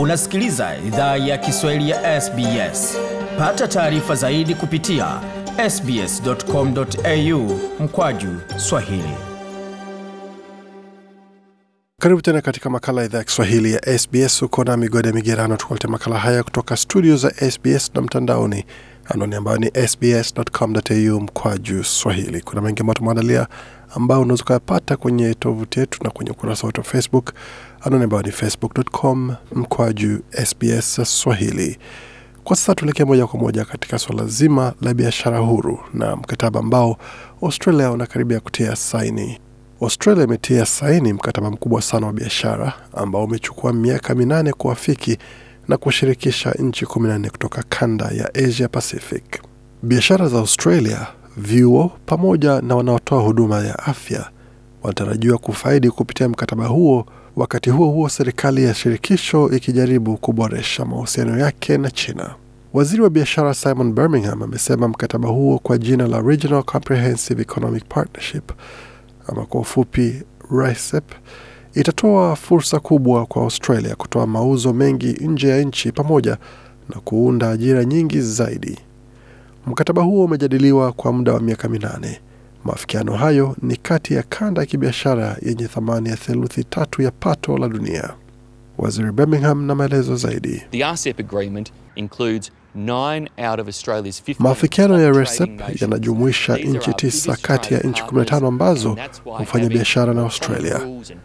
Unasikiliza idhaa ya Kiswahili ya SBS. Pata taarifa zaidi kupitia sbs.com.au mkwaju swahili. Karibu tena katika makala ya idhaa ya Kiswahili ya SBS. hukona na Migode Migerano tukulete makala haya kutoka studio za SBS na mtandaoni, anani ambayo ni sbs.com.au mkwaju swahili. Kuna mengi ambayo tumeandalia ambao unaweza ukayapata kwenye tovuti yetu na kwenye ukurasa wetu wa Facebook, anaone ambayo ni facebook.com mkwaju SBS Swahili. Kwa sasa tuelekee moja kwa moja katika suala zima la biashara huru na mkataba ambao Australia unakaribia kutia saini. Australia imetia saini mkataba mkubwa sana wa biashara ambao umechukua miaka minane kuafiki na kushirikisha nchi nne kutoka kanda ya Asia Pacific. Biashara za Australia vyuo pamoja na wanaotoa huduma ya afya wanatarajiwa kufaidi kupitia mkataba huo. Wakati huo huo, serikali ya shirikisho ikijaribu kuboresha mahusiano yake na China. Waziri wa biashara Simon Birmingham amesema mkataba huo kwa jina la Regional Comprehensive Economic Partnership ama kwa ufupi RICEP itatoa fursa kubwa kwa Australia kutoa mauzo mengi nje ya nchi pamoja na kuunda ajira nyingi zaidi. Mkataba huo umejadiliwa kwa muda wa miaka minane. Maafikiano hayo ni kati ya kanda ya kibiashara yenye thamani ya theluthi tatu ya pato la dunia. Waziri Birmingham na maelezo zaidi. E Maafikiano ya RCEP e yanajumuisha nchi tisa kati ya nchi 15 ambazo hufanya biashara na Australia.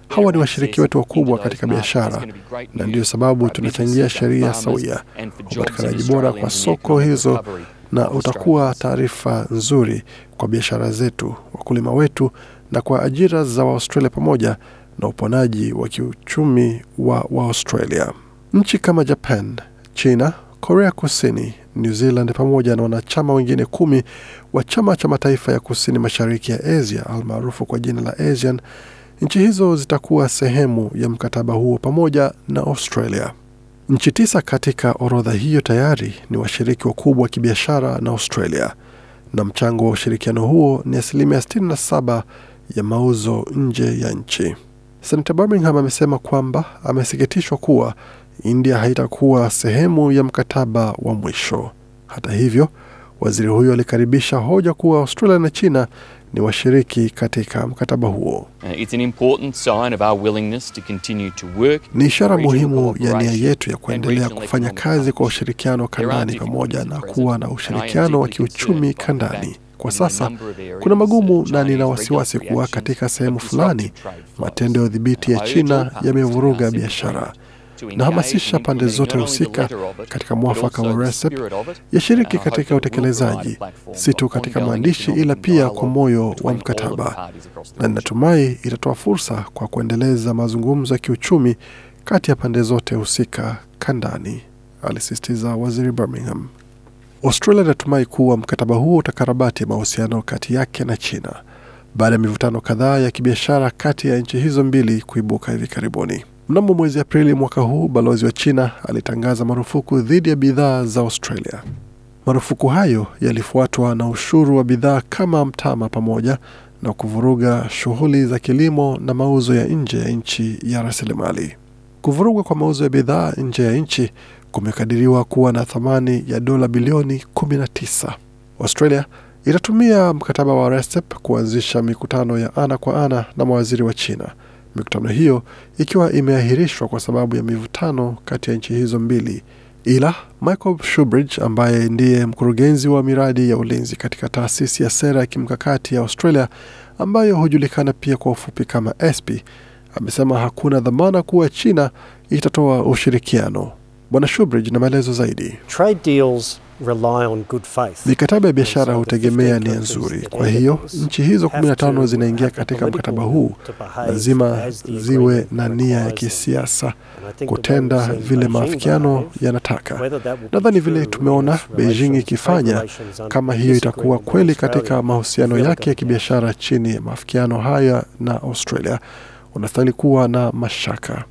Hawa ni washiriki wetu wakubwa katika biashara, na ndiyo sababu tunachangia sheria sawia, upatikanaji bora kwa soko hizo na utakuwa taarifa nzuri kwa biashara zetu, wakulima wetu, na kwa ajira za Waaustralia pamoja na uponaji wa kiuchumi wa Waaustralia. Nchi kama Japan, China, Korea Kusini, New Zealand pamoja na wanachama wengine kumi wa chama cha mataifa ya kusini mashariki ya Asia almaarufu kwa jina la ASEAN. Nchi hizo zitakuwa sehemu ya mkataba huo pamoja na Australia. Nchi tisa katika orodha hiyo tayari ni washiriki wakubwa wa kibiashara na Australia, na mchango wa ushirikiano huo ni asilimia 67 ya mauzo nje ya nchi. Senata Birmingham amesema kwamba amesikitishwa kuwa India haitakuwa sehemu ya mkataba wa mwisho. Hata hivyo, waziri huyo alikaribisha hoja kuwa Australia na China ni washiriki katika mkataba huo. Uh, ni ishara muhimu ya nia yetu ya kuendelea kufanya kazi kwa ushirikiano kandani pamoja na kuwa na ushirikiano wa kiuchumi kandani. Kwa sasa kuna magumu uh, na nina wasiwasi kuwa katika sehemu fulani matendo ya udhibiti ya China yamevuruga biashara nahamasisha pande zote husika katika mwafaka wa RCEP yashiriki uh, katika utekelezaji, si tu katika maandishi, ila pia kwa moyo wa mkataba, na ninatumai itatoa fursa kwa kuendeleza mazungumzo ya kiuchumi kati ya pande zote husika kandani, alisisitiza waziri Birmingham. Australia inatumai kuwa mkataba huo utakarabati mahusiano kati yake na China baada ya mivutano kadhaa ya kibiashara kati ya nchi hizo mbili kuibuka hivi karibuni. Mnamo mwezi Aprili mwaka huu, balozi wa China alitangaza marufuku dhidi ya bidhaa za Australia. Marufuku hayo yalifuatwa na ushuru wa bidhaa kama mtama pamoja na kuvuruga shughuli za kilimo na mauzo ya nje ya nchi ya rasilimali. Kuvurugwa kwa mauzo ya bidhaa nje ya nchi kumekadiriwa kuwa na thamani ya dola bilioni 19. Australia itatumia mkataba wa RCEP kuanzisha mikutano ya ana kwa ana na mawaziri wa China Mikutano hiyo ikiwa imeahirishwa kwa sababu ya mivutano kati ya nchi hizo mbili, ila Michael Shubridge ambaye ndiye mkurugenzi wa miradi ya ulinzi katika taasisi ya sera ya kimkakati ya Australia ambayo hujulikana pia kwa ufupi kama ASPI amesema hakuna dhamana kuwa China itatoa ushirikiano. Bwana Shubridge na maelezo zaidi. Trade deals rely on good faith. Mikataba ya biashara hutegemea nia nzuri. Kwa hiyo nchi hizo 15 zinaingia katika mkataba huu, lazima ziwe na nia ya kisiasa kutenda vile maafikiano yanataka. Nadhani vile tumeona Beijing ikifanya, kama hiyo itakuwa kweli katika mahusiano yake ya kibiashara chini ya maafikiano haya na Australia, unastahili kuwa na mashaka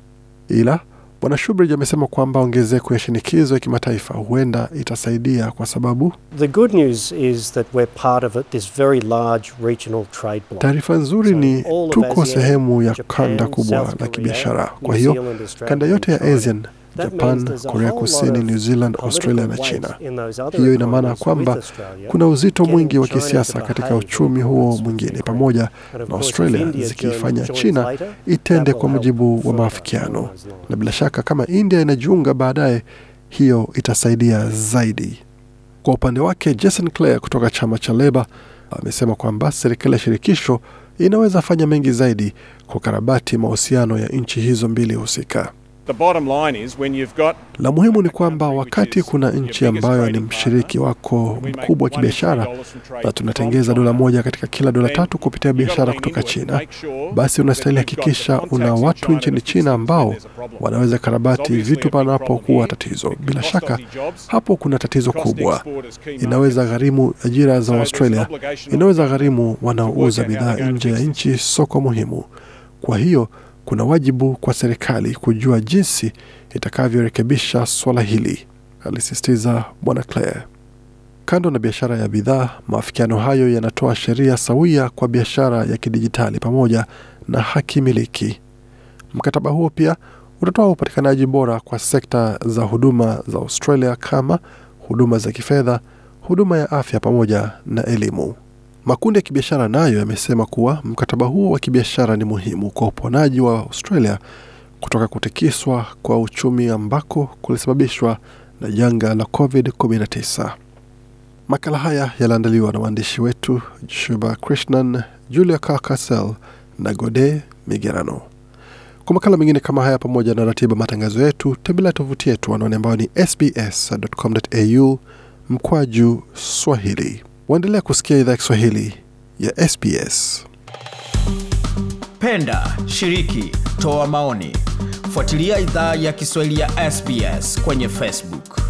ila Bwana Shubridge amesema kwamba ongezeko ya shinikizo ya kimataifa huenda itasaidia kwa sababu taarifa nzuri ni tuko sehemu ya kanda kubwa la kibiashara. Kwa hiyo kanda yote ya ASEAN Japan, Korea Kusini, New Zealand, Australia na China. Hiyo ina maana kwamba kuna uzito mwingi wa kisiasa katika uchumi huo mwingine, pamoja na Australia zikiifanya China itende kwa mujibu wa maafikiano, na bila shaka kama India inajiunga baadaye, hiyo itasaidia zaidi. Kwa upande wake, Jason Clare kutoka chama cha Leba amesema kwamba serikali ya shirikisho inaweza fanya mengi zaidi kukarabati mahusiano ya nchi hizo mbili husika. La muhimu ni kwamba wakati kuna nchi ambayo ni mshiriki wako mkubwa wa kibiashara, na tunatengeza dola moja katika kila dola tatu kupitia biashara kutoka China, basi unastahili hakikisha una watu nchini China ambao wanaweza karabati vitu panapokuwa tatizo. Bila shaka, hapo kuna tatizo kubwa. Inaweza gharimu ajira za Australia, inaweza gharimu wanaouza bidhaa nje ya nchi, soko muhimu. Kwa hiyo kuna wajibu kwa serikali kujua jinsi itakavyorekebisha swala hili, alisisitiza Bwana Clare. Kando na biashara ya bidhaa, maafikiano hayo yanatoa sheria sawia kwa biashara ya kidijitali pamoja na haki miliki. Mkataba huo pia utatoa upatikanaji bora kwa sekta za huduma za Australia kama huduma za kifedha, huduma ya afya pamoja na elimu. Makundi ya kibiashara nayo yamesema kuwa mkataba huo wa kibiashara ni muhimu kwa uponaji wa Australia kutoka kutikiswa kwa uchumi ambako kulisababishwa na janga la COVID-19. Makala haya yaliandaliwa na waandishi wetu Shuba Krishnan, Julia Carcasel na Gode Migerano. Kwa makala mengine kama haya pamoja na ratiba matangazo yetu, tembelea tovuti yetu anaone ambayo ni sbs.com.au mkwaju Swahili. Waendelea kusikia idhaa Kiswahili ya SBS. Penda, shiriki, toa maoni, fuatilia idhaa ya Kiswahili ya SBS kwenye Facebook.